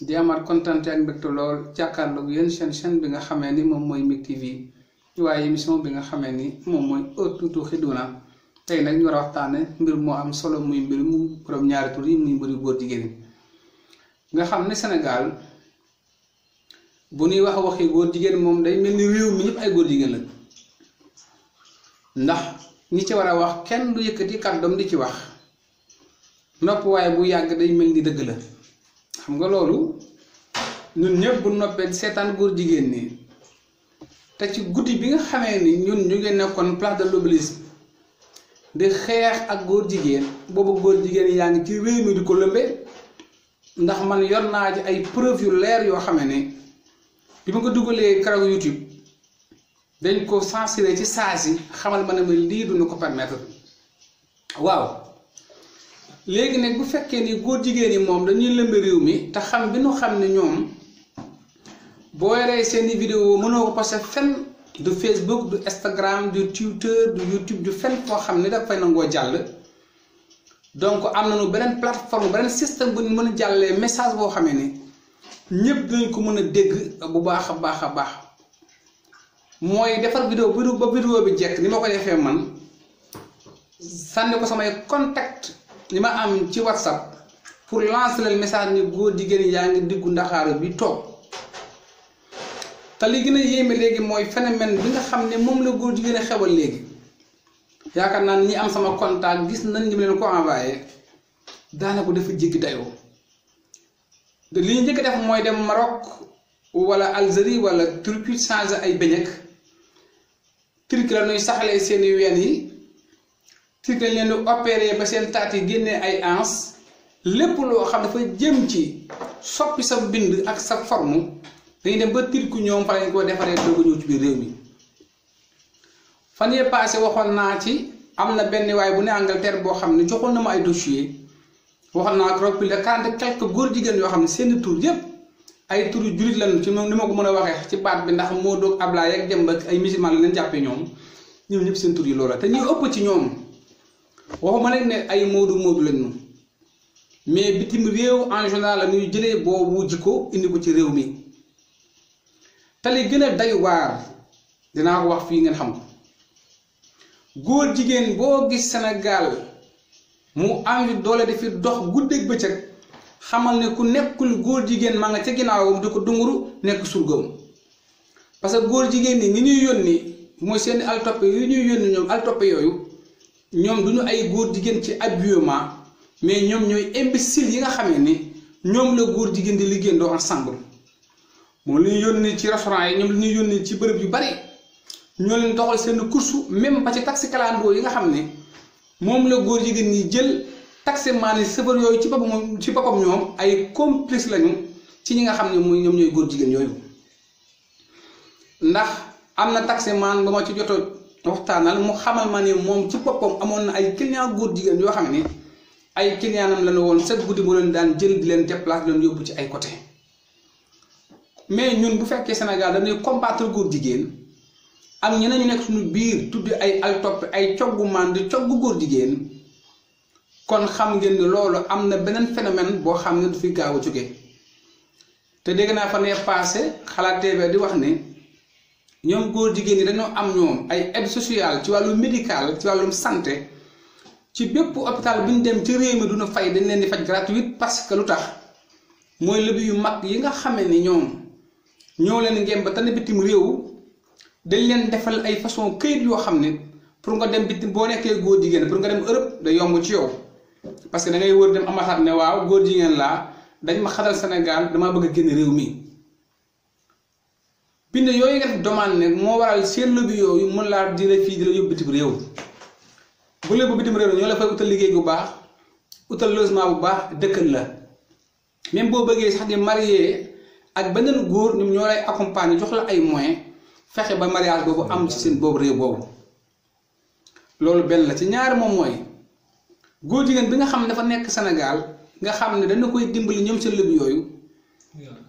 di amaat kontante ak mbégte lool jàkkaarloog yéen seen chaîne bi nga xamee ni moom mooy MIG TV waaye émission bi nga xamee ni moom mooy oh, Eutou Toukhidona tey nag ñu war a waxtaane mbir moo am solo muy mbir mu borom ñaari tur yi muy mbiru góor jigéen nga xam ne Sénégal bu ñuy ya wax waxi góor jigéen moom day mel ni réew mi ñëpp ay góor jigéen la ndax ñi ci war a wax kenn du yëkkati kàddoom di ci wax nopp bu yàgg day mel ni dëgg la. xam nga loolu ñun ñëpp bu noppee seetaan góor jigéen nii te ci guddi bi nga xamee ni ñun ñu ngi nekkoon place de l'Obélisque di xeex ak góor jigéen boobu góor jigéen yaa ngi ci réew mi di ko lëmbe ndax man yor naa ci ay preuve yu leer yoo xamee ni bi ma ko dugalee keroog YouTube dañ ko censuré ci saa si xamal ma ne ma lii duñu ko permettre waaw léegi nag bu fekkee ni góor jigéen yi moom dañuy lëmb réew mi te xam bi nu xam ne ñoom boo yoree seeni vidéo mënoo ko passé fenn du Facebook du Instagram du Twitter du YouTube du fenn foo xam ne dafay nangoo jàll donc am nañu beneen plateforme beneen système bu ñu mën a jàllee message boo xamee ni ñëpp dinañ ko mën a dégg bu baax a baax a baax mooy defar vidéo ba vidéo bi jekk ni ma ko defee man sànni ko samay contact lima am ci whatsapp pour lancer le message ni góor jigéen yaa ngi diggu ndaxaaru bi toog te li gën a yéeme léegi phénomène bi nga xamné mom la góor jigéen xewal léegi yaakaar naa ñi am sama contact gis nañ ñu leen ko envoyer daanaka dafa jéggi dayoo li ñu njëkk a def moy dem Maroc wala Algérie wala Turquie changé ay beñek Turquie la noy saxalé seen ween yi ci lañ leen di opéré ba seen taat yi ay ans lépp loo xam dafa jëm ci soppi sa bind ak sa forme dañuy dem ba tirku ñoom fa lañ ko defaree doog ñëw ci biir réew mi fan yee passé waxoon na ci am na benn waay bu ne Angleterre boo xam ne na ma ay dossier waxoon na ko plus de quarante quelque góor jigéen ne seen yépp ay turu jurit lañu ci ni ma ko mën ci baat bi ndax ak ay musulman la leen ñoom ñoom ñëpp seen tur yi loola te ñi ëpp ci ñoom waxuma nag ne ay moodu moodu lañ moom mais bitim réew en général la ñuy jëlee boobu jikko indi ko ci réew mi tali gën a day waar dinaa ko wax fii ngeen xam góor jigéen boo gis senegal mu am doole di fi dox guddeeg bëccëg xamal ne ku nekkul góor jigéen ma nga ca ginnaawam di ko dunguru nekk surgam parce que góor jigéen ñi ñi ñuy yónni mooy seen i altoppe yu ñuy yónni ñoom altoppe yooyu. ñoom du ñu ay góor jigéen ci habillement mais ñoom ñooy imbécile yi nga xamee ni ñoom la góor jigéen di liggéeyandoo ensemble moom la ñuy yónnee ci restaurant yi ñoom la ñu yónnee ci bërëb yu bari ñoo leen doxal seen course même ba ci taxi kalandoo yi nga xam ni moom la góor jigéen ñi jël taxi maan yi sëfër yooyu ci boppam ci boppam ñoom ay complice lañu ci ñi nga xam ne mooy ñoom ñooy góor jigéen yooyu ndax am na taxi maan ba ma ci joto waxtaanal mu xamal ma ne moom ci boppam amoon na ay client góor jigéen yoo xam ni ay clientam la ñu woon chaque guddi mu leen daan jël di leen déplacer leen yóbbu ci ay côté mais ñun bu fekkee Sénégal dañuy combattre góor jigéen ak ñeneen ñu nekk suñu biir tudd ay al topp ay coggu mànd coggu góor jigéen kon xam ngeen ne loolu am na beneen phénomène boo xam ne du fi gaaw a jóge te dégg naa fa ne passé xalaat TV di wax ni ñom goor jigéen ni dañu am ñom ay aide sociale ci walu médical ci walu santé ci bépp hôpital buñ dem ci réew mi duna fay dañ leen di faj gratuit parce que lutax moy lebi yu mag yi nga xamé ni ñom ñoo leen ngeen ba tan bitim réew dañ leen defal ay façon këyit yo xamné pour nga dem bitim bo nekké goor jigéen pour nga dem Europe da yomb ci yow parce que da ngay wër dem ambassade né waaw goor jigéen la dañ ma xadal Sénégal dama bëgg a réew mi bind yooyu nga def demande nag moo waral seen lobby yooyu mën laa di fii di la yóbbu bitim réew bu lépp bitim ñoo la fay liggéey bu baax utal bu baax dëkkal la même boo bëggee sax di marié ak beneen góor ñoom ñoo accompagner jox la ay moyens fexe ba mariage boobu am ci seen boobu réew boobu. loolu benn la ci ñaari moom mooy góor jigéen bi nga xam ne dafa nekk Sénégal nga xam ne dana koy dimbali ñoom seen lobby yooyu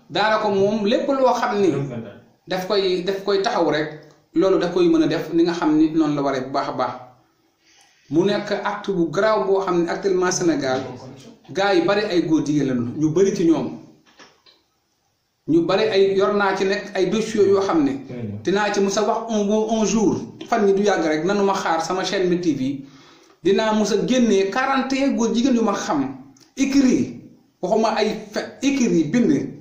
daanaka moom lépp loo xam ni. daf koy daf koy taxaw rek loolu daf koy mën a def ni nga xam ni noonu la waree bu baax a baax mu nekk acte bu garaaw boo xam ne actuellement Sénégal gars yi bari ay góor jigéen ñu bari ci ñoom ñu bari ay yor naa ci nekk ay dossiers yoo xam ne dinaa ci mus a wax un un jour fan yi du yàgg rek nanu ma xaar sama chaîne bi dinaa mus a génnee quarante et góor jigéen yu ma xam écrit waxuma ay fe écrit bind.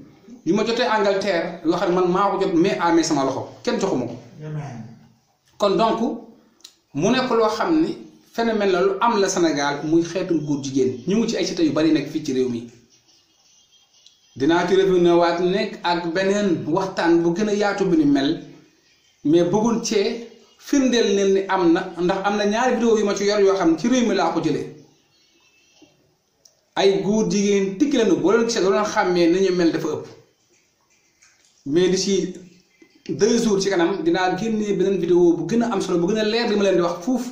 bi ma jotee Angleterre loo xam ne man maa ko jot mais amé sama loxo kenn joxuma ko kon donc mu nekk loo xam ni phénomène la lu am la Sénégal muy xeetu góor jigéen ñu ngi ci ay cité yu bari nekk fii ci réew mi dinaa ci revenir waat nekk ak beneen waxtaan bu gën a yaatu bi ni mel mais bëggul cee firndeel ne ni am na ndax am na ñaari vidéo yu ma ci yor yoo xam ci réew mi laa ko jëlee ay góor jigéen tikki lañu boo leen gisee doo leen xàmmee nañu mel dafa ëpp mais d'ici deux jours ci kanam dinaa génne beneen vidéo bu gën a am solo bu gën a leer li ma leen di wax fuuf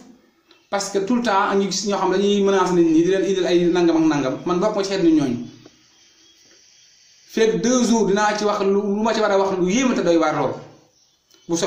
parce que tout le temps ñu gis ñoo xam dañuy menacer nit ñi di leen indil ay nangam ak nangam man bokk ma ci xeet ni ñooñu feeg deux jours dinaa ci wax lu ma ci war a wax lu yéeme te doy waar lool bu